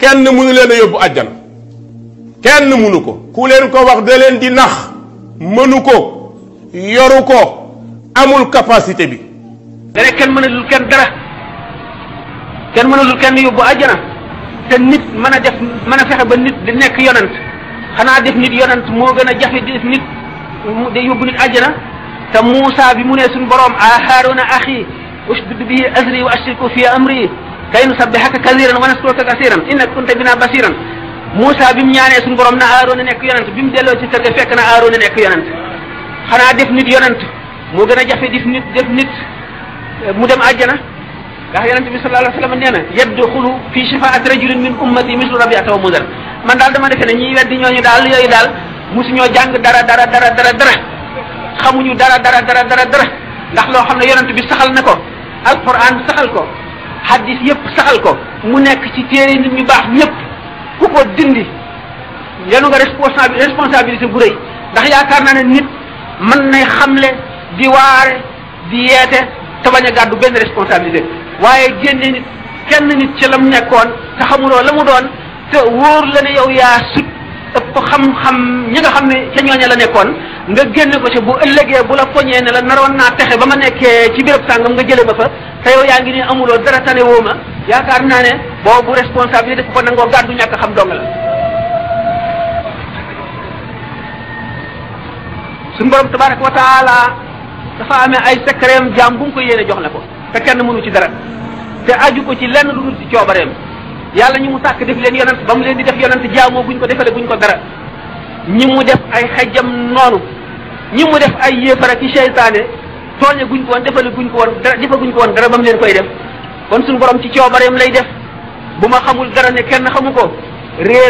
kenn mënu leen a yóbbu àjjana kenn mënu ko ku leen ko wax da leen di nax mënu ko yoru ko amul capacité bi dane kenn mënalul kenn dara kenn mënalul kenn yóbbu àjjana te nit mën a def mën a fexe ba nit di nekk yonent xanaa def nit yonent moo gën a jafe di def nit day yóbbu nit àjjana te Muusa bi mu ne suñu boroom a Haaruna axi ushdud bihi azri wa ashriku fi amri kay nu sabbihaka kasiran wa naskuruka kasiran innaka kunta bina basiran Moussa bi mu ñaanee suñu borom na Aaroona nekk yonent bi mu delloo ci kër ga fekk na Aaroona nekk yonent xanaa def nit yonent moo gën a jafe def nit def nit eh, mu dem àjjana ndax yonent bi sallallahu u wa sallam nee na yadxulu fi shafaati rajulin min ummati mislu rabiata wa mudar man daal dama defe ne ñiy weddi ñooñu daal yooyu daal mosuñoo jàng dara dara dara dara dara xamuñu dara dara dara dara dara ndax loo xam ne yonent bi saxal na ko alquran saxal ko xaddis yëpp saxal ko mu nekk ci téere nit ñu baax ñëpp ku ko dindi yenu nga responsa responsabilité bu rëy ndax yaakaar naa ne nit mën nay xamle di waare di yeete te bañ a gàddu benn responsabilité waaye génne nit kenn nit ci la mu nekkoon te xamuloo la mu doon te wóor la ne yaa sut ko xam-xam ñi nga xam ne ca ñooña la nekkoon nga génn ko ci bu ëllëgee bu la poñee ne la naroon naa texe ba ma nekkee ci béréb sàngam nga jële ma fa te yow yaa ngi ni amuloo dara tane woo ma yaakaar naa ne boobu responsabilité ko nangoo gàddu ñàkk xam dong la. suñu borom tabaraka wa dafa amee ay secret jaam bu mu ko yéene jox la ko te kenn mënu ci dara te aju ko ci lenn lu dul ci coobareem. yàlla ñi mu sàkk def leen yonent ba mu leen di def yonent jaamoo buñ ko defale buñ ko dara ñi mu def ay xajjam noonu ñi mu def ay yéefar ak i seytaane tooñe guñ ko woon defale guñ ko woon dara defa guñ ko woon dara ba mu leen koy def kon suñu borom ci coobareem lay def bu ma xamul dara ne kenn xamu ko réer